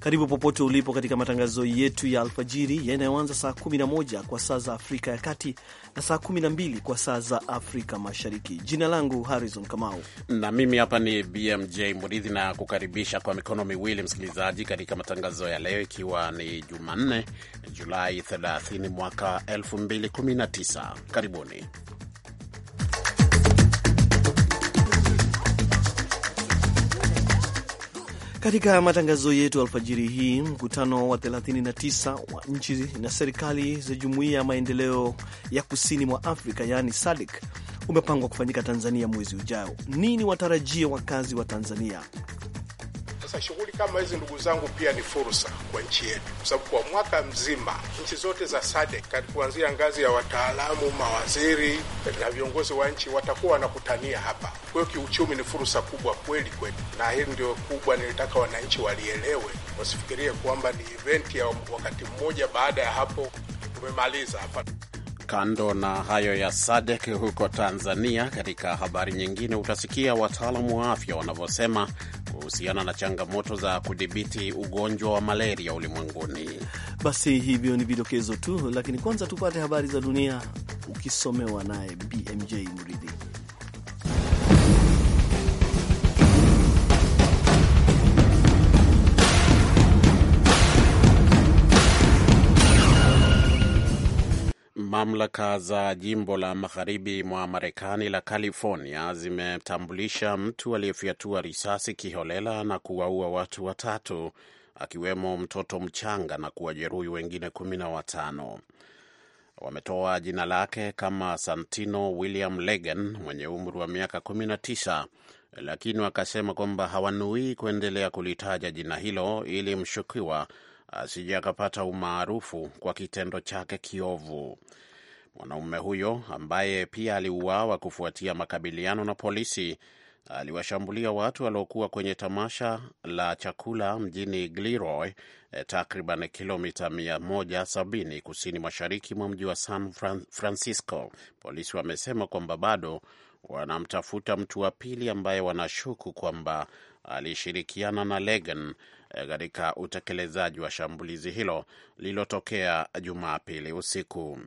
Karibu popote ulipo katika matangazo yetu ya alfajiri yanayoanza saa 11 kwa saa za Afrika ya Kati na saa 12 kwa saa za Afrika Mashariki. Jina langu Harrison Kamau na mimi hapa ni BMJ Muridhi na kukaribisha kwa mikono miwili msikilizaji, katika matangazo ya leo, ikiwa ni Jumanne Julai 30 mwaka 2019. Karibuni. Katika matangazo yetu alfajiri hii, mkutano wa 39 wa nchi na serikali za jumuiya ya maendeleo ya kusini mwa Afrika yaani SADC umepangwa kufanyika Tanzania mwezi ujao. Nini watarajia wakazi wa Tanzania? Sasa shughuli kama hizi, ndugu zangu, pia ni fursa kwa nchi yetu, kwa sababu kwa mwaka mzima nchi zote za SADC kuanzia ngazi ya wataalamu, mawaziri na viongozi wa nchi watakuwa wanakutania hapa. Kwa hiyo kiuchumi ni fursa kubwa kweli kweli, na hili ndio kubwa nilitaka wananchi walielewe, wasifikirie kwamba ni eventi ya wakati mmoja, baada ya hapo tumemaliza hapa. Kando na hayo ya SADC huko Tanzania, katika habari nyingine utasikia wataalamu wa afya wanavyosema kuhusiana na changamoto za kudhibiti ugonjwa wa malaria ulimwenguni. Basi hivyo ni vidokezo tu, lakini kwanza tupate habari za dunia ukisomewa naye BMJ Mridhi. mamlaka za jimbo la magharibi mwa Marekani la California zimetambulisha mtu aliyefyatua risasi kiholela na kuwaua watu watatu akiwemo mtoto mchanga na kuwajeruhi wengine kumi na watano. Wametoa jina lake kama Santino William Legan mwenye umri wa miaka 19, lakini wakasema kwamba hawanuii kuendelea kulitaja jina hilo ili mshukiwa asije akapata umaarufu kwa kitendo chake kiovu. Mwanaume huyo ambaye pia aliuawa kufuatia makabiliano na polisi aliwashambulia watu waliokuwa kwenye tamasha la chakula mjini Gilroy, eh, takriban kilomita 170 kusini mashariki mwa mji wa San Francisco. Polisi wamesema kwamba bado wanamtafuta mtu wa pili ambaye wanashuku kwamba alishirikiana na Legan eh, katika utekelezaji wa shambulizi hilo lililotokea Jumapili usiku.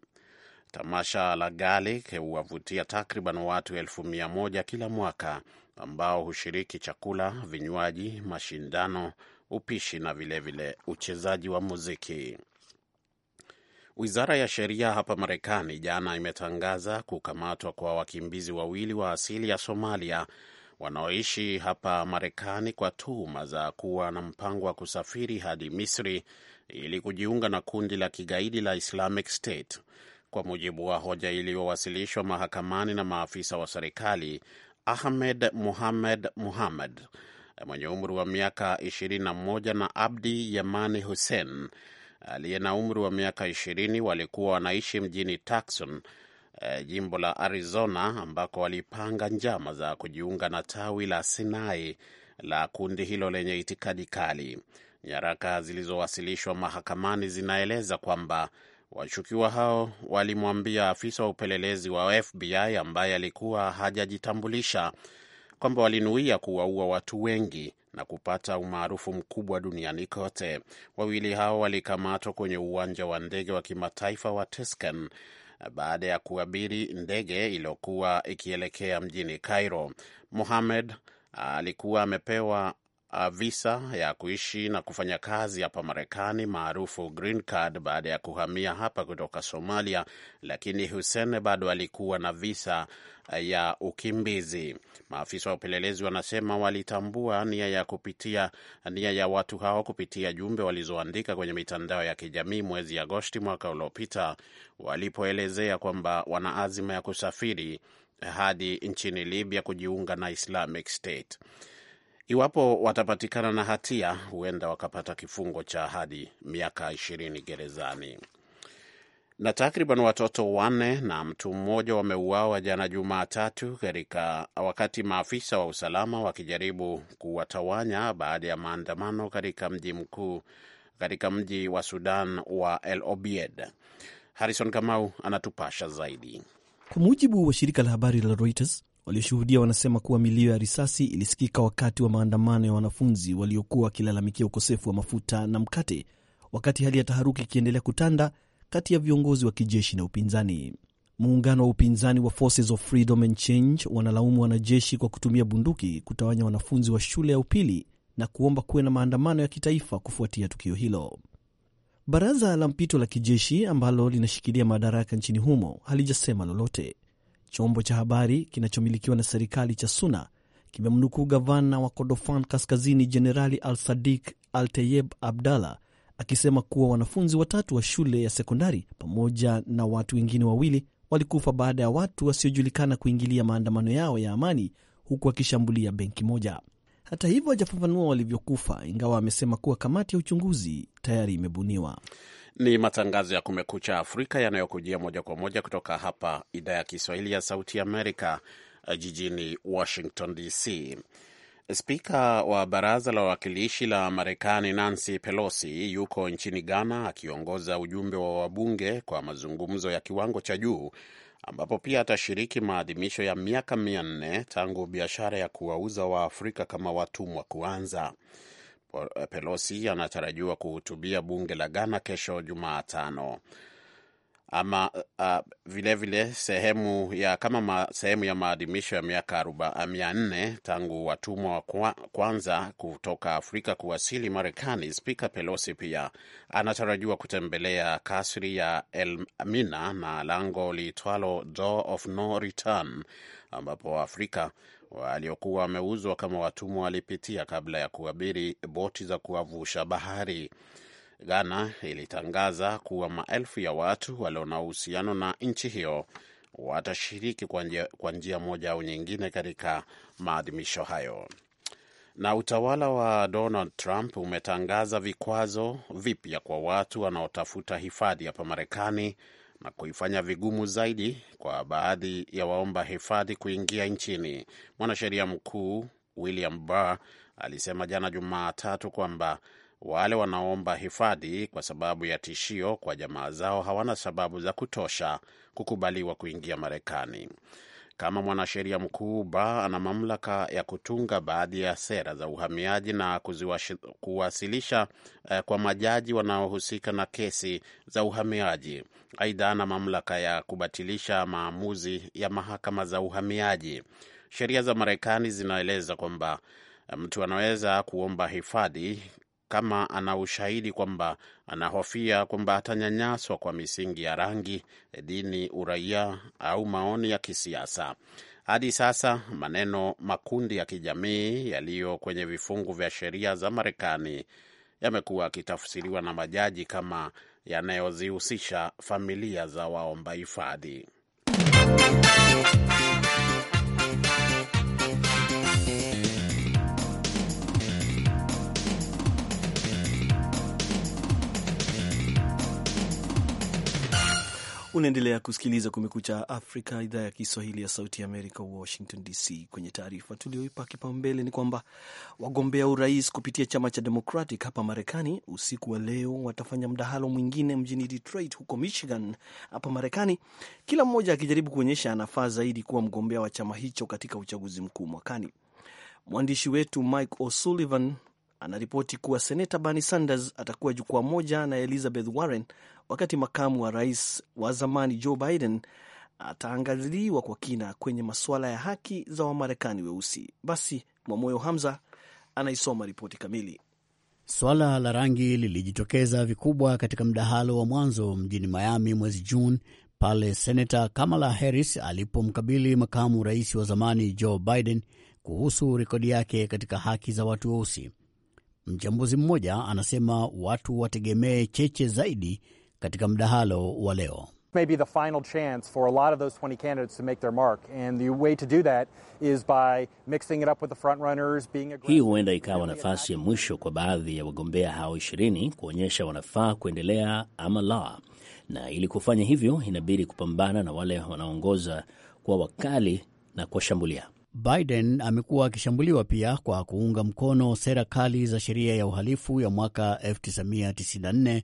Tamasha la Gali huwavutia takriban watu elfu mia moja kila mwaka ambao hushiriki chakula, vinywaji, mashindano, upishi na vilevile vile uchezaji wa muziki. Wizara ya sheria hapa Marekani jana imetangaza kukamatwa kwa wakimbizi wawili wa asili ya Somalia wanaoishi hapa Marekani kwa tuhuma za kuwa na mpango wa kusafiri hadi Misri ili kujiunga na kundi la kigaidi la Islamic State. Kwa mujibu wa hoja iliyowasilishwa mahakamani na maafisa wa serikali, Ahmed Muhamed Muhamed mwenye umri wa miaka 21 na Abdi Yamani Hussein aliye na umri wa miaka 20 walikuwa wanaishi mjini Tucson, eh, jimbo la Arizona, ambako walipanga njama za kujiunga na tawi la Sinai la kundi hilo lenye itikadi kali. Nyaraka zilizowasilishwa mahakamani zinaeleza kwamba Washukiwa hao walimwambia afisa wa upelelezi wa FBI ambaye alikuwa hajajitambulisha kwamba walinuia kuwaua watu wengi na kupata umaarufu mkubwa duniani kote. Wawili hao walikamatwa kwenye uwanja wa ndege wa kimataifa wa Tescan baada ya kuabiri ndege iliyokuwa ikielekea mjini Cairo. Mohamed alikuwa amepewa Uh, visa ya kuishi na kufanya kazi hapa Marekani maarufu green card, baada ya kuhamia hapa kutoka Somalia, lakini Hussein bado alikuwa na visa uh, ya ukimbizi. Maafisa wa upelelezi wanasema walitambua nia ya kupitia nia ya watu hao kupitia jumbe walizoandika kwenye mitandao ya kijamii mwezi Agosti mwaka uliopita, walipoelezea kwamba wana azima ya kusafiri hadi nchini Libya kujiunga na Islamic State. Iwapo watapatikana na hatia, huenda wakapata kifungo cha hadi miaka ishirini gerezani. Na takriban watoto wanne na mtu mmoja wameuawa jana Jumatatu katika wakati maafisa wa usalama wakijaribu kuwatawanya baada ya maandamano katika mji mkuu katika mji wa Sudan wa El obied Harrison Kamau anatupasha zaidi. Kwa mujibu wa shirika la habari la Reuters, Walioshuhudia wanasema kuwa milio ya risasi ilisikika wakati wa maandamano ya wanafunzi waliokuwa wakilalamikia ukosefu wa mafuta na mkate, wakati hali ya taharuki ikiendelea kutanda kati ya viongozi wa kijeshi na upinzani. Muungano wa upinzani wa Forces of Freedom and Change wanalaumu wanajeshi kwa kutumia bunduki kutawanya wanafunzi wa shule ya upili na kuomba kuwe na maandamano ya kitaifa kufuatia tukio hilo. Baraza la mpito la kijeshi ambalo linashikilia madaraka nchini humo halijasema lolote. Chombo cha habari kinachomilikiwa na serikali cha SUNA kimemnukuu gavana wa Kordofan Kaskazini, Jenerali Al Sadik Al Tayeb Abdallah akisema kuwa wanafunzi watatu wa shule ya sekondari pamoja na watu wengine wawili walikufa baada ya watu wasiojulikana kuingilia maandamano yao ya amani huku wakishambulia benki moja. Hata hivyo, hajafafanua walivyokufa, ingawa amesema kuwa kamati ya uchunguzi tayari imebuniwa. Ni matangazo ya Kumekucha Afrika yanayokujia moja kwa moja kutoka hapa idhaa ya Kiswahili ya Sauti Amerika, eh, jijini Washington DC. Spika wa baraza la wawakilishi la Marekani Nancy Pelosi yuko nchini Ghana akiongoza ujumbe wa wabunge kwa mazungumzo ya kiwango cha juu ambapo pia atashiriki maadhimisho ya miaka mia nne tangu biashara ya kuwauza Waafrika kama watumwa kuanza. Pelosi anatarajiwa kuhutubia bunge la Ghana kesho Jumatano. Ama vilevile uh, vile sehemu ya kama ma, sehemu ya maadhimisho ya miaka mia nne tangu watumwa wa kwa, kwanza kutoka Afrika kuwasili Marekani, Spika Pelosi pia anatarajiwa kutembelea kasri ya Elmina na lango liitwalo Door of No Return ambapo afrika waliokuwa wameuzwa kama watumwa walipitia kabla ya kuabiri boti za kuwavusha bahari. Ghana ilitangaza kuwa maelfu ya watu walio na uhusiano na nchi hiyo watashiriki kwa njia moja au nyingine katika maadhimisho hayo. Na utawala wa Donald Trump umetangaza vikwazo vipya kwa watu wanaotafuta hifadhi hapa Marekani na kuifanya vigumu zaidi kwa baadhi ya waomba hifadhi kuingia nchini. Mwanasheria mkuu William Barr alisema jana Jumatatu kwamba wale wanaomba hifadhi kwa sababu ya tishio kwa jamaa zao hawana sababu za kutosha kukubaliwa kuingia Marekani. Kama mwanasheria mkuu, Ba ana mamlaka ya kutunga baadhi ya sera za uhamiaji na kuwasilisha eh, kwa majaji wanaohusika na kesi za uhamiaji. Aidha, ana mamlaka ya kubatilisha maamuzi ya mahakama za uhamiaji. Sheria za Marekani zinaeleza kwamba eh, mtu anaweza kuomba hifadhi kama ana ushahidi kwamba anahofia kwamba atanyanyaswa kwa misingi ya rangi, dini, uraia au maoni ya kisiasa. Hadi sasa maneno makundi ya kijamii yaliyo kwenye vifungu vya sheria za Marekani yamekuwa akitafsiriwa na majaji kama yanayozihusisha familia za waomba hifadhi. Unaendelea kusikiliza Kumekucha Afrika, idhaa ya Kiswahili ya Sauti ya Amerika, Washington DC. Kwenye taarifa tulioipa kipaumbele ni kwamba wagombea urais kupitia chama cha Democratic hapa Marekani usiku wa leo watafanya mdahalo mwingine mjini Detroit huko Michigan hapa Marekani, kila mmoja akijaribu kuonyesha anafaa zaidi kuwa mgombea wa chama hicho katika uchaguzi mkuu mwakani. Mwandishi wetu Mike O'Sullivan anaripoti kuwa seneta Bernie Sanders atakuwa jukwaa moja na Elizabeth Warren wakati makamu wa rais wa zamani Joe Biden ataangaliwa kwa kina kwenye masuala ya haki za Wamarekani weusi. Basi Mwamoyo Hamza anaisoma ripoti kamili. Swala la rangi lilijitokeza vikubwa katika mdahalo wa mwanzo mjini Miami mwezi Juni pale senata Kamala Harris alipomkabili makamu rais wa zamani Joe Biden kuhusu rekodi yake katika haki za watu weusi. Mchambuzi mmoja anasema watu wategemee cheche zaidi katika mdahalo wa leo. Hii huenda ikawa nafasi ya mwisho kwa baadhi ya wagombea hao ishirini kuonyesha wanafaa kuendelea ama la, na ili kufanya hivyo inabidi kupambana na wale wanaoongoza kwa wakali na kuwashambulia. Biden amekuwa akishambuliwa pia kwa kuunga mkono sera kali za sheria ya uhalifu ya mwaka 1994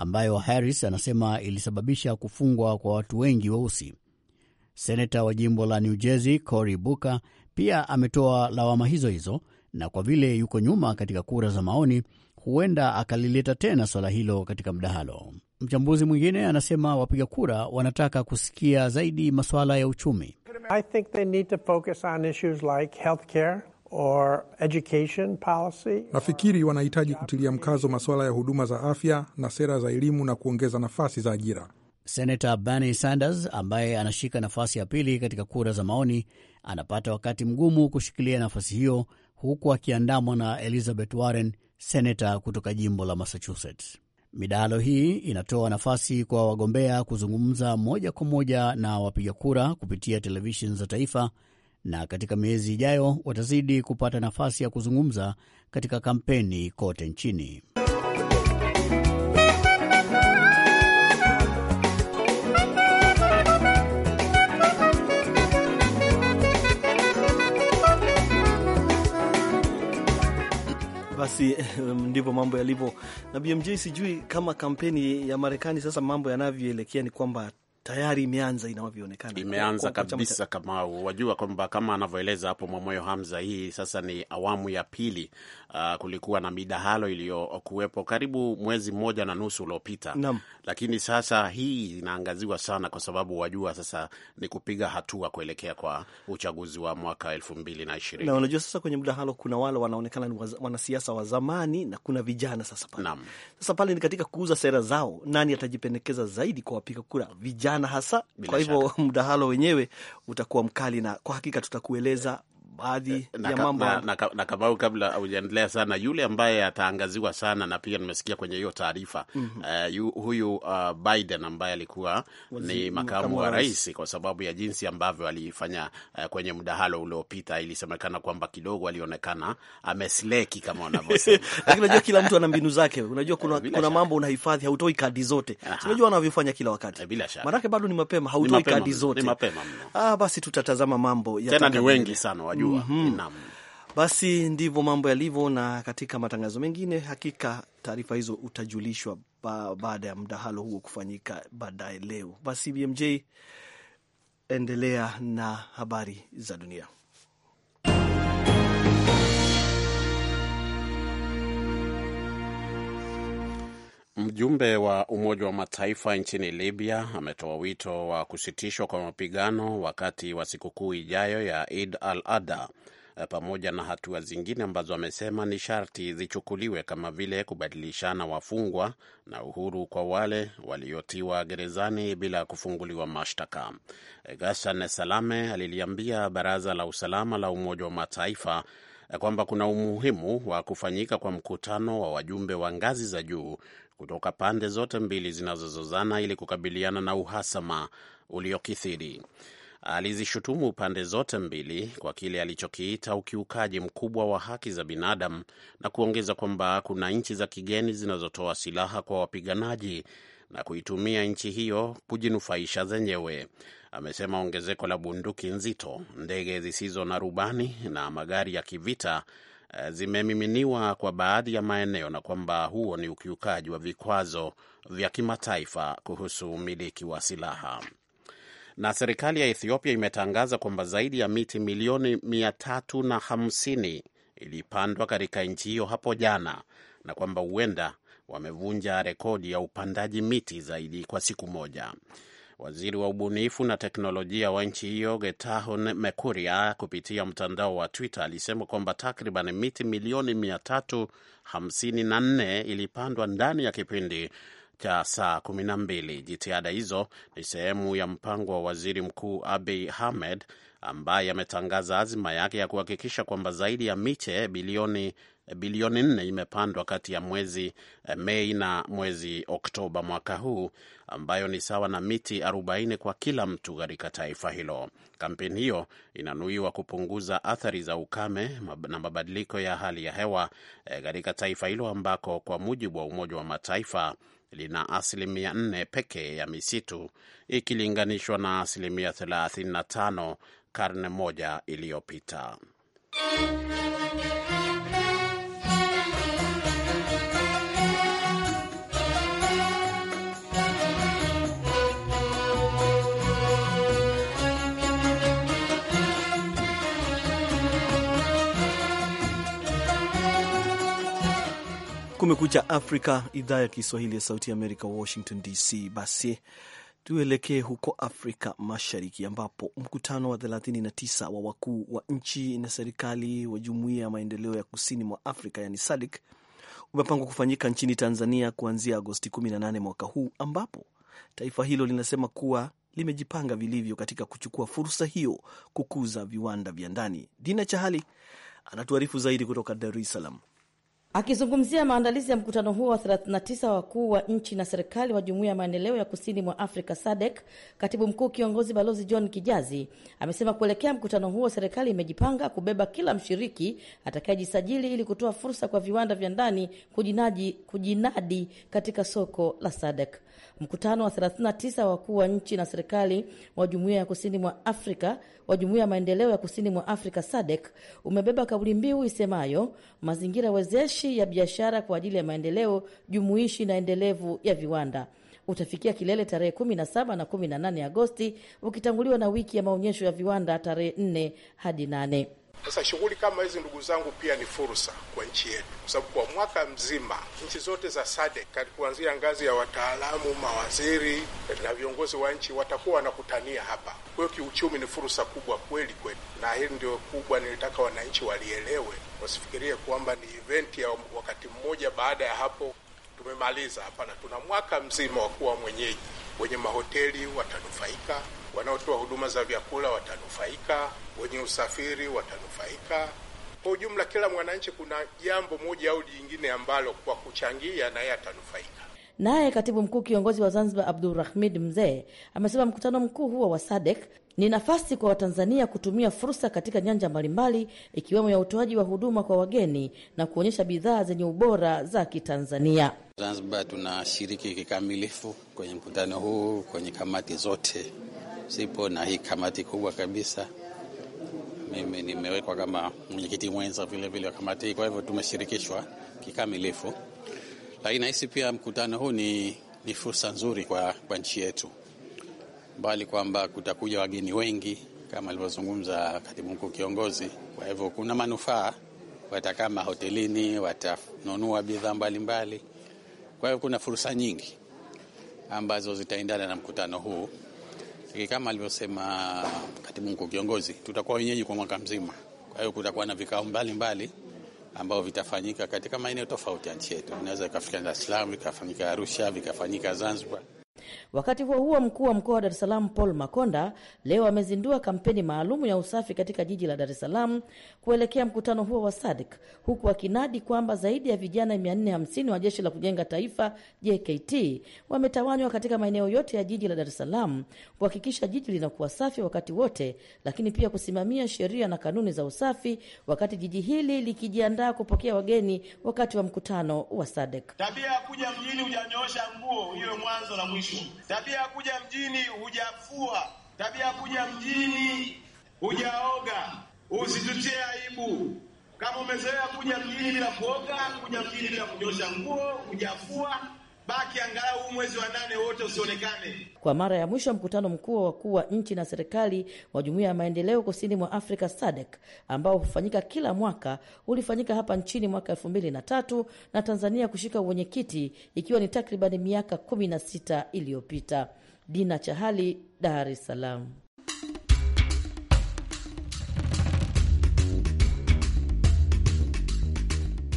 ambayo Harris anasema ilisababisha kufungwa kwa watu wengi weusi. Seneta wa jimbo la New Jersey Cory Booker pia ametoa lawama hizo hizo, na kwa vile yuko nyuma katika kura za maoni, huenda akalileta tena swala hilo katika mdahalo. Mchambuzi mwingine anasema wapiga kura wanataka kusikia zaidi masuala ya uchumi. I think they need to focus on issues like healthcare or education policy. Nafikiri wanahitaji kutilia mkazo masuala ya huduma za afya na sera za elimu na kuongeza nafasi za ajira. Senata Bernie Sanders ambaye anashika nafasi ya pili katika kura za maoni anapata wakati mgumu kushikilia nafasi hiyo, huku akiandamwa na Elizabeth Warren, seneta kutoka jimbo la Massachusetts. Midahalo hii inatoa nafasi kwa wagombea kuzungumza moja kwa moja na wapiga kura kupitia televisheni za taifa na katika miezi ijayo watazidi kupata nafasi ya kuzungumza katika kampeni kote nchini. Basi ndivyo mambo yalivyo na BMJ. Sijui kama kampeni ya Marekani sasa mambo yanavyoelekea ni kwamba tayari imeanza inavyoonekana, imeanza kabisa. Kama wajua kwamba kama anavyoeleza hapo Mwamoyo Hamza, hii sasa ni awamu ya pili. Uh, kulikuwa na midahalo iliyokuwepo karibu mwezi mmoja na nusu uliopita, lakini sasa hii inaangaziwa sana, kwa sababu wajua sasa ni kupiga hatua kuelekea kwa uchaguzi wa mwaka elfu mbili na ishirini na unajua sasa kwenye mdahalo kuna wale wanaonekana ni wanasiasa wa zamani na kuna vijana sasa pale. Sasa pale ni katika kuuza sera zao, nani atajipendekeza zaidi kwa wapiga kura vijana vijana hasa. kwa hivyo mdahalo wenyewe utakuwa mkali, na kwa hakika tutakueleza baadhi eh, ya mambo na, na, na Kamau, kabla hujaendelea sana, yule ambaye ataangaziwa sana na pia nimesikia kwenye hiyo taarifa mm -hmm. uh, huyu uh, Biden ambaye alikuwa ni makamu makamu wa rais, kwa sababu ya jinsi ambavyo alifanya uh, kwenye mdahalo uliopita, ilisemekana kwamba kidogo alionekana amesleki kama wanavyosema, lakini unajua kila mtu ana mbinu zake. Unajua kuna, kuna mambo unahifadhi, hautoi kadi zote, unajua wanavyofanya kila wakati, bila shaka, maanake bado ni mapema, hautoi kadi zote. Ni mapema Ah, basi tutatazama mambo ya tena, ni wengi sana wajua barua mm -hmm. Basi ndivyo mambo yalivyo, na katika matangazo mengine hakika taarifa hizo utajulishwa ba baada ya mdahalo huo kufanyika baadaye leo. Basi BMJ, endelea na habari za dunia. Mjumbe wa Umoja wa Mataifa nchini Libya ametoa wito wa kusitishwa kwa mapigano wakati wa sikukuu ijayo ya id al-Adha pamoja na hatua zingine ambazo amesema ni sharti zichukuliwe kama vile kubadilishana wafungwa na uhuru kwa wale waliotiwa gerezani bila kufunguliwa mashtaka. Ghassan Salame aliliambia Baraza la Usalama la Umoja wa Mataifa kwamba kuna umuhimu wa kufanyika kwa mkutano wa wajumbe wa ngazi za juu kutoka pande zote mbili zinazozozana ili kukabiliana na uhasama uliokithiri. Alizishutumu pande zote mbili kwa kile alichokiita ukiukaji mkubwa wa haki za binadamu na kuongeza kwamba kuna nchi za kigeni zinazotoa silaha kwa wapiganaji na kuitumia nchi hiyo kujinufaisha zenyewe. Amesema ongezeko la bunduki nzito, ndege zisizo na rubani na magari ya kivita eh, zimemiminiwa kwa baadhi ya maeneo na kwamba huo ni ukiukaji wa vikwazo vya kimataifa kuhusu umiliki wa silaha. Na serikali ya Ethiopia imetangaza kwamba zaidi ya miti milioni mia tatu na hamsini ilipandwa katika nchi hiyo hapo jana na kwamba huenda wamevunja rekodi ya upandaji miti zaidi kwa siku moja. Waziri wa ubunifu na teknolojia wa nchi hiyo Getahon Mekuria, kupitia mtandao wa Twitter, alisema kwamba takriban miti milioni 354 ilipandwa ndani ya kipindi cha saa 12. Jitihada hizo ni sehemu ya mpango wa waziri mkuu Abiy Ahmed ambaye ametangaza azima yake ya kuhakikisha kwamba zaidi ya miche bilioni bilioni nne imepandwa kati ya mwezi eh, Mei na mwezi Oktoba mwaka huu, ambayo ni sawa na miti 40 kwa kila mtu katika taifa hilo. Kampeni hiyo inanuiwa kupunguza athari za ukame na mabadiliko ya hali ya hewa eh, katika taifa hilo ambako kwa mujibu wa Umoja wa Mataifa lina asilimia 4 pekee ya misitu ikilinganishwa na asilimia 35 karne moja iliyopita. Kumekucha Afrika, idhaa ya Kiswahili ya Sauti ya Amerika, Washington DC. Basi tuelekee huko Afrika Mashariki, ambapo mkutano wa 39 wa wakuu wa nchi na serikali wa Jumuiya ya Maendeleo ya Kusini mwa Afrika, yani SADC, umepangwa kufanyika nchini Tanzania kuanzia Agosti 18 mwaka huu, ambapo taifa hilo linasema kuwa limejipanga vilivyo katika kuchukua fursa hiyo kukuza viwanda vya ndani. Dina Chahali anatuarifu zaidi kutoka Dar es Salaam. Akizungumzia maandalizi ya mkutano huo wa 39 wakuu wa nchi na serikali wa jumuiya ya maendeleo ya kusini mwa Afrika SADC, katibu mkuu kiongozi Balozi John Kijazi amesema kuelekea mkutano huo serikali imejipanga kubeba kila mshiriki atakayejisajili ili kutoa fursa kwa viwanda vya ndani kujinadi, kujinadi katika soko la SADC. Mkutano wa 39 wakuu wa nchi na serikali wa jumuiya ya kusini mwa Afrika wa jumuiya ya maendeleo ya kusini mwa Afrika SADC umebeba kauli mbiu isemayo mazingira wezeshi jumuishi ya biashara kwa ajili ya maendeleo jumuishi na endelevu ya viwanda utafikia kilele tarehe 17 na 18 Agosti, ukitanguliwa na wiki ya maonyesho ya viwanda tarehe 4 hadi 8. Sasa shughuli kama hizi, ndugu zangu, pia ni fursa kwa nchi yetu, kwa sababu kwa mwaka mzima nchi zote za SADC kuanzia ngazi ya wataalamu, mawaziri na viongozi wa nchi watakuwa wanakutania hapa. Kwa hiyo kiuchumi ni fursa kubwa kweli kwetu, na hili ndio kubwa nilitaka wananchi walielewe, wasifikirie kwamba ni event ya wakati mmoja, baada ya hapo tumemaliza. Hapana, tuna mwaka mzima wa kuwa mwenyeji. Wenye mahoteli watanufaika wanaotoa huduma za vyakula watanufaika, wenye usafiri watanufaika. Kwa ujumla, kila mwananchi kuna jambo moja au jingine ambalo kwa kuchangia naye atanufaika. Naye katibu mkuu kiongozi wa Zanzibar Abdurahmid Mzee amesema mkutano mkuu huo wa SADEK ni nafasi kwa Watanzania kutumia fursa katika nyanja mbalimbali ikiwemo ya utoaji wa huduma kwa wageni na kuonyesha bidhaa zenye ubora za Kitanzania. Zanzibar tunashiriki kikamilifu kwenye mkutano huu kwenye kamati zote sipo na hii kamati kubwa kabisa. Mimi nimewekwa kama mwenyekiti mwenza vile vile wa kamati hii, kwa hivyo tumeshirikishwa kikamilifu, lakini nahisi pia mkutano huu ni, ni fursa nzuri kwa, kwa nchi yetu, mbali kwamba kutakuja wageni wengi kama alivyozungumza katibu mkuu kiongozi. Kwa hivyo kuna manufaa, watakaa mahotelini, watanunua bidhaa mbalimbali. Kwa hivyo kuna fursa nyingi ambazo zitaendana na mkutano huu kama alivyosema katibu mkuu kiongozi, tutakuwa wenyeji kwa mwaka mzima. Kwa hiyo kutakuwa na vikao mbalimbali ambao vitafanyika katika maeneo tofauti ya nchi yetu. Inaweza vikafanyika Dar es Salaam, vikafanyika Arusha, vikafanyika Zanzibar. Wakati huo huo, mkuu wa mkoa wa Dar es Salaam Paul Makonda leo amezindua kampeni maalumu ya usafi katika jiji la Dar es Salaam kuelekea mkutano huo wa SADC, huku akinadi kwamba zaidi ya vijana 450 wa Jeshi la Kujenga Taifa JKT wametawanywa katika maeneo yote ya jiji la Dar es Salaam kuhakikisha jiji linakuwa safi wakati wote, lakini pia kusimamia sheria na kanuni za usafi wakati jiji hili likijiandaa kupokea wageni wakati wa mkutano wa SADC. Tabia ya kuja mjini hujanyoosha nguo, hiyo mwanzo na mwisho Tabia ya kuja mjini hujafua, tabia ya kuja mjini hujaoga. Usitutie aibu. Kama umezoea kuja mjini bila kuoga, kuja mjini bila kunyosha nguo, hujafua baki angalau huu mwezi wa nane wote usionekane. Kwa mara ya mwisho, mkutano mkuu wa wakuu wa nchi na serikali wa Jumuiya ya Maendeleo Kusini mwa Afrika SADC ambao hufanyika kila mwaka ulifanyika hapa nchini mwaka elfu mbili na tatu na Tanzania kushika uwenyekiti ikiwa ni takribani miaka kumi na sita iliyopita. Dina Chahali, Dar es Salaam.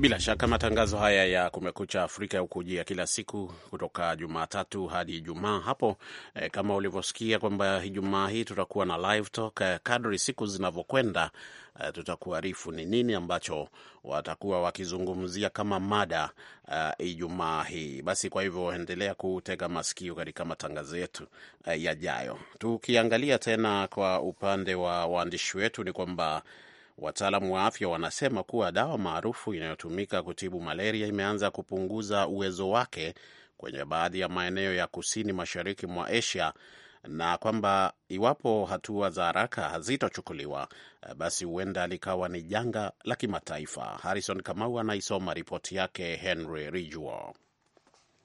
Bila shaka matangazo haya ya Kumekucha Afrika hukujia kila siku kutoka Jumatatu hadi Ijumaa hapo. E, kama ulivyosikia kwamba Ijumaa hii tutakuwa na live talk. Eh, kadri siku zinavyokwenda, e, tutakuarifu ni nini ambacho watakuwa wakizungumzia kama mada uh, Ijumaa hii. Basi kwa hivyo endelea kutega masikio katika matangazo yetu e, yajayo. Tukiangalia tena kwa upande wa waandishi wetu ni kwamba Wataalamu wa afya wanasema kuwa dawa maarufu inayotumika kutibu malaria imeanza kupunguza uwezo wake kwenye baadhi ya maeneo ya kusini mashariki mwa Asia na kwamba iwapo hatua za haraka hazitochukuliwa eh, basi huenda likawa ni janga la kimataifa. Harrison Kamau anaisoma ripoti yake Henry rijuo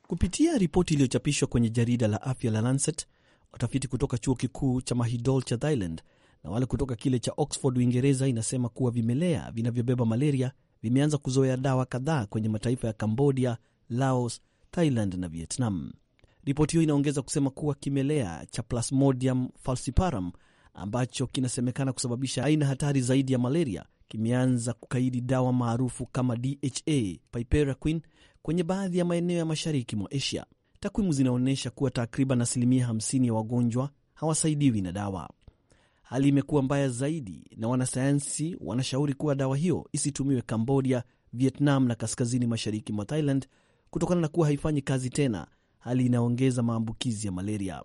Kupitia ripoti iliyochapishwa kwenye jarida la afya la Lancet, watafiti kutoka chuo kikuu cha Mahidol cha Thailand na wale kutoka kile cha Oxford Uingereza inasema kuwa vimelea vinavyobeba malaria vimeanza kuzoea dawa kadhaa kwenye mataifa ya Cambodia, Laos, Thailand na Vietnam. Ripoti hiyo inaongeza kusema kuwa kimelea cha Plasmodium falciparum ambacho kinasemekana kusababisha aina hatari zaidi ya malaria kimeanza kukaidi dawa maarufu kama DHA piperaquine kwenye baadhi ya maeneo ya mashariki mwa Asia. Takwimu zinaonyesha kuwa takriban asilimia 50 ya wagonjwa hawasaidiwi na dawa hali imekuwa mbaya zaidi, na wanasayansi wanashauri kuwa dawa hiyo isitumiwe Cambodia, Vietnam na kaskazini mashariki mwa Thailand kutokana na kuwa haifanyi kazi tena, hali inaongeza maambukizi ya malaria.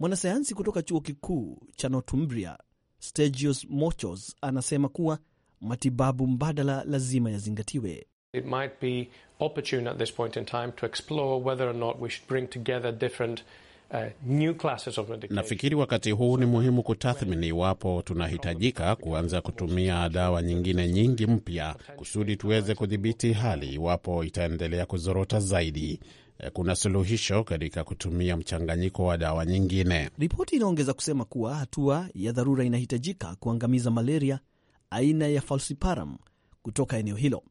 Mwanasayansi kutoka chuo kikuu cha Northumbria Stegios Mochos anasema kuwa matibabu mbadala lazima yazingatiwe. It might be opportune at this point in time to explore whether or not we should bring together different Uh, nafikiri wakati huu ni muhimu kutathmini iwapo tunahitajika kuanza kutumia dawa nyingine nyingi mpya kusudi tuweze kudhibiti hali iwapo itaendelea kuzorota zaidi. Eh, kuna suluhisho katika kutumia mchanganyiko wa dawa nyingine. Ripoti inaongeza kusema kuwa hatua ya dharura inahitajika kuangamiza malaria aina ya falciparum kutoka eneo hilo.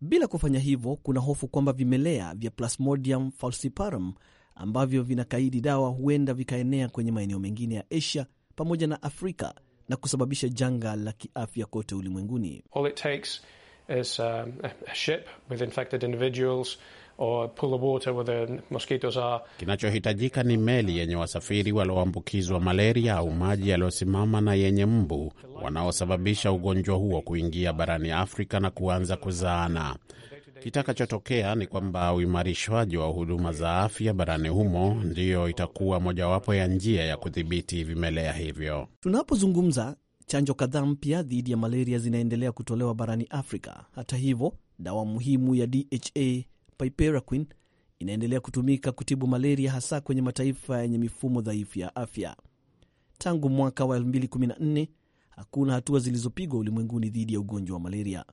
Bila kufanya hivyo, kuna hofu kwamba vimelea vya Plasmodium falciparum ambavyo vinakaidi dawa huenda vikaenea kwenye maeneo mengine ya Asia pamoja na Afrika na kusababisha janga la kiafya kote ulimwenguni. Kinachohitajika ni meli yenye wasafiri walioambukizwa malaria au maji yaliyosimama na yenye mbu wanaosababisha ugonjwa huo kuingia barani Afrika na kuanza kuzaana. Kitakachotokea ni kwamba uimarishwaji wa huduma za afya barani humo ndiyo itakuwa mojawapo ya njia ya kudhibiti vimelea hivyo. Tunapozungumza, chanjo kadhaa mpya dhidi ya malaria zinaendelea kutolewa barani Afrika. Hata hivyo, dawa muhimu ya DHA piperaquine inaendelea kutumika kutibu malaria, hasa kwenye mataifa yenye mifumo dhaifu ya afya. Tangu mwaka wa 2014 hakuna hatua zilizopigwa ulimwenguni dhidi ya ugonjwa wa malaria.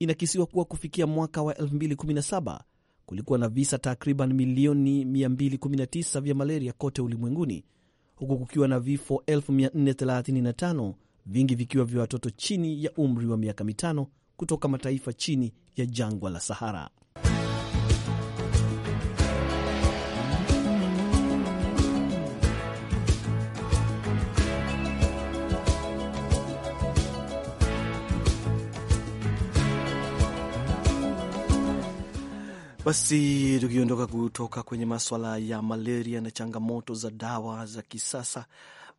Inakisiwa kuwa kufikia mwaka wa 2017 kulikuwa na visa takriban milioni 219 vya malaria kote ulimwenguni, huku kukiwa na vifo 435, vingi vikiwa vya watoto chini ya umri wa miaka mitano kutoka mataifa chini ya jangwa la Sahara. Basi tukiondoka kutoka kwenye maswala ya malaria na changamoto za dawa za kisasa,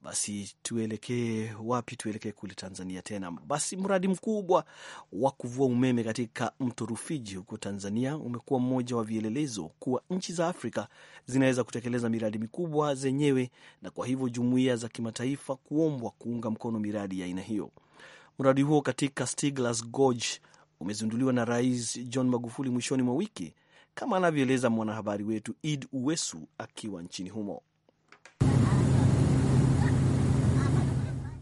basi tuelekee wapi? Tuelekee kule Tanzania tena. Basi mradi mkubwa wa kuvua umeme katika mto Rufiji huko Tanzania umekuwa mmoja wa vielelezo kuwa nchi za Afrika zinaweza kutekeleza miradi mikubwa zenyewe, na kwa hivyo jumuiya za kimataifa kuombwa kuunga mkono miradi ya aina hiyo. Mradi huo katika Stiglas Gorge umezinduliwa na Rais John Magufuli mwishoni mwa wiki kama anavyoeleza mwanahabari wetu Id Uwesu akiwa nchini humo.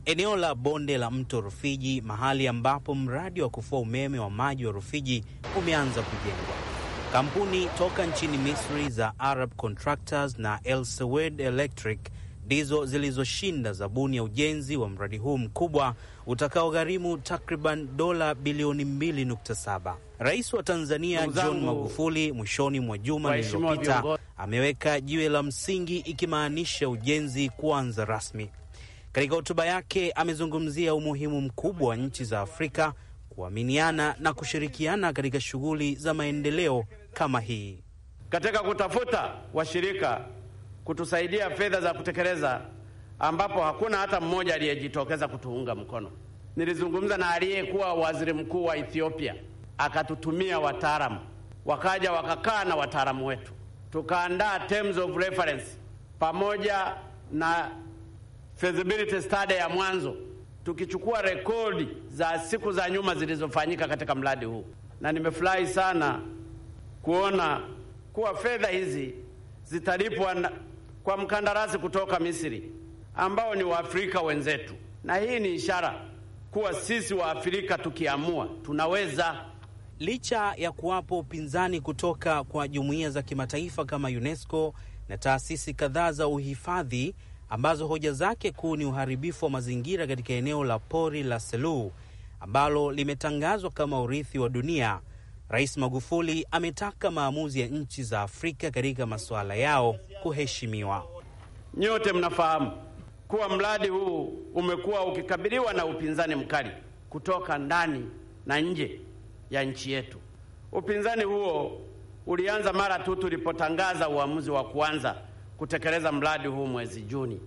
Eneo la bonde la mto Rufiji, mahali ambapo mradi wa kufua umeme wa maji wa Rufiji umeanza kujengwa. Kampuni toka nchini Misri za Arab Contractors na Elsewed Electric ndizo zilizoshinda zabuni ya ujenzi wa mradi huu mkubwa utakaogharimu takriban dola bilioni 2.7. Rais wa Tanzania John Magufuli mwishoni mwa juma lililopita ameweka jiwe la msingi, ikimaanisha ujenzi kuanza rasmi. Katika hotuba yake amezungumzia umuhimu mkubwa wa nchi za Afrika kuaminiana na kushirikiana katika shughuli za maendeleo kama hii, katika kutafuta washirika kutusaidia fedha za kutekeleza, ambapo hakuna hata mmoja aliyejitokeza kutuunga mkono. Nilizungumza na aliyekuwa waziri mkuu wa Ethiopia, akatutumia wataalamu, wakaja wakakaa na wataalamu wetu, tukaandaa terms of reference pamoja na feasibility study ya mwanzo, tukichukua rekodi za siku za nyuma zilizofanyika katika mradi huu, na nimefurahi sana kuona kuwa fedha hizi zitalipwa kwa mkandarasi kutoka Misri ambao ni Waafrika wenzetu, na hii ni ishara kuwa sisi Waafrika tukiamua tunaweza. Licha ya kuwapo upinzani kutoka kwa jumuiya za kimataifa kama UNESCO na taasisi kadhaa za uhifadhi ambazo hoja zake kuu ni uharibifu wa mazingira katika eneo la pori la Selous ambalo limetangazwa kama urithi wa dunia, Rais Magufuli ametaka maamuzi ya nchi za Afrika katika masuala yao kuheshimiwa. Nyote mnafahamu kuwa mradi huu umekuwa ukikabiliwa na upinzani mkali kutoka ndani na nje ya nchi yetu. Upinzani huo ulianza mara tu tulipotangaza uamuzi wa kuanza kutekeleza mradi huu mwezi Juni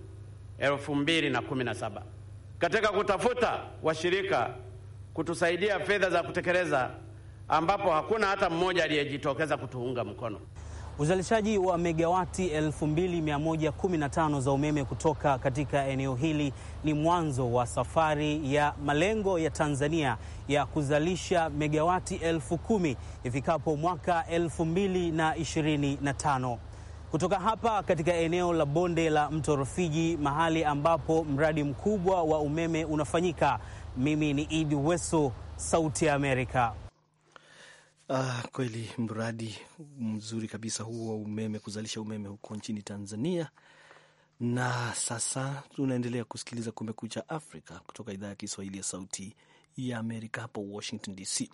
2017 katika kutafuta washirika kutusaidia fedha za kutekeleza ambapo hakuna hata mmoja aliyejitokeza kutuunga mkono. Uzalishaji wa megawati 2115 za umeme kutoka katika eneo hili ni mwanzo wa safari ya malengo ya Tanzania ya kuzalisha megawati 10,000 ifikapo mwaka 2025. Kutoka hapa katika eneo la bonde la Mto Rufiji, mahali ambapo mradi mkubwa wa umeme unafanyika, mimi ni Idi Weso, Sauti ya Amerika. Ah, kweli mradi mzuri kabisa huu wa umeme, kuzalisha umeme huko nchini Tanzania. Na sasa tunaendelea kusikiliza Kumekucha Afrika kutoka idhaa ya Kiswahili ya Sauti ya Amerika hapa Washington DC.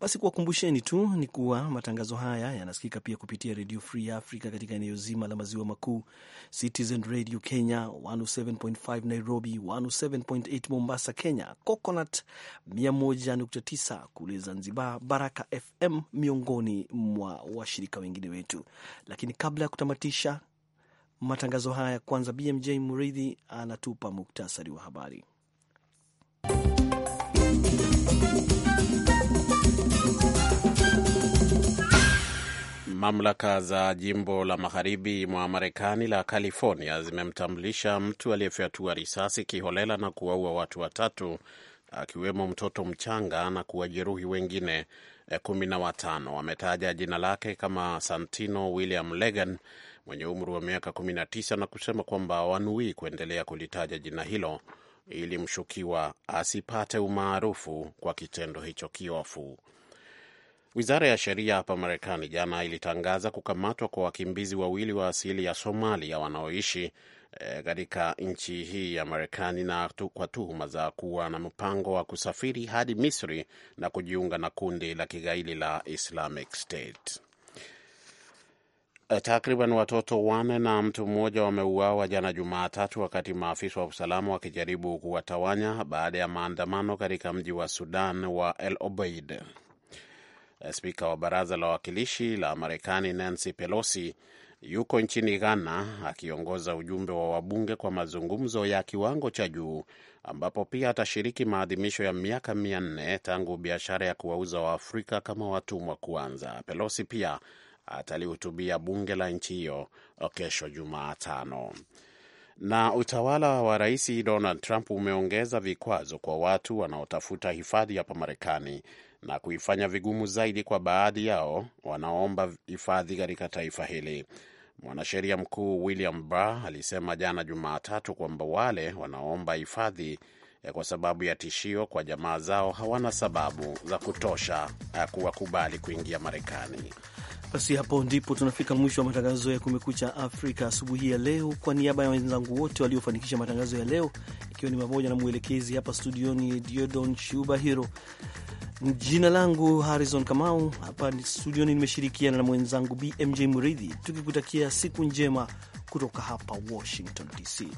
Basi kuwakumbusheni tu ni kuwa matangazo haya yanasikika pia kupitia Radio Free Africa katika eneo zima la maziwa makuu, Citizen Radio Kenya 107.5 Nairobi, 107.8 Mombasa Kenya, Coconut 101.9 kule Zanzibar, Baraka FM miongoni mwa washirika wengine wetu. Lakini kabla ya kutamatisha matangazo haya, kwanza BMJ Muridhi anatupa muktasari wa habari. Mamlaka za jimbo la magharibi mwa Marekani la California zimemtambulisha mtu aliyefyatua risasi kiholela na kuwaua watu watatu akiwemo mtoto mchanga na kuwajeruhi wengine eh, kumi na watano. Wametaja jina lake kama Santino William Legan mwenye umri wa miaka 19 na kusema kwamba wanuii kuendelea kulitaja jina hilo ili mshukiwa asipate umaarufu kwa kitendo hicho kiofu. Wizara ya sheria hapa Marekani jana ilitangaza kukamatwa kwa wakimbizi wawili wa asili ya Somalia wanaoishi e, katika e, nchi hii ya Marekani na tu, kwa tuhuma za kuwa na mpango wa kusafiri hadi Misri na kujiunga na kundi la kigaidi la Islamic State. Eh, takriban watoto wane na mtu mmoja wameuawa jana Jumatatu, wakati maafisa wa usalama wakijaribu kuwatawanya baada ya maandamano katika mji wa Sudan wa El Obeid. Eh, spika wa baraza la wawakilishi la Marekani Nancy Pelosi yuko nchini Ghana akiongoza ujumbe wa wabunge kwa mazungumzo ya kiwango cha juu ambapo pia atashiriki maadhimisho ya miaka mia nne tangu biashara ya kuwauza Waafrika kama watumwa kuanza. Pelosi pia atalihutubia bunge la nchi hiyo kesho Jumatano. Na utawala wa rais Donald Trump umeongeza vikwazo kwa watu wanaotafuta hifadhi hapa Marekani na kuifanya vigumu zaidi kwa baadhi yao wanaomba hifadhi katika taifa hili. Mwanasheria mkuu William Barr alisema jana Jumatatu kwamba wale wanaomba hifadhi eh, kwa sababu ya tishio kwa jamaa zao hawana sababu za kutosha eh, kuwakubali kuingia Marekani. Basi hapo ndipo tunafika mwisho wa matangazo ya Kumekucha Afrika asubuhi ya leo. Kwa niaba ya wenzangu wote waliofanikisha matangazo ya leo, ikiwa ni pamoja na mwelekezi hapa studioni Diodon Shubahiro, jina langu Harrison Kamau, hapa studioni nimeshirikiana na mwenzangu BMJ Muridhi, tukikutakia siku njema kutoka hapa Washington DC.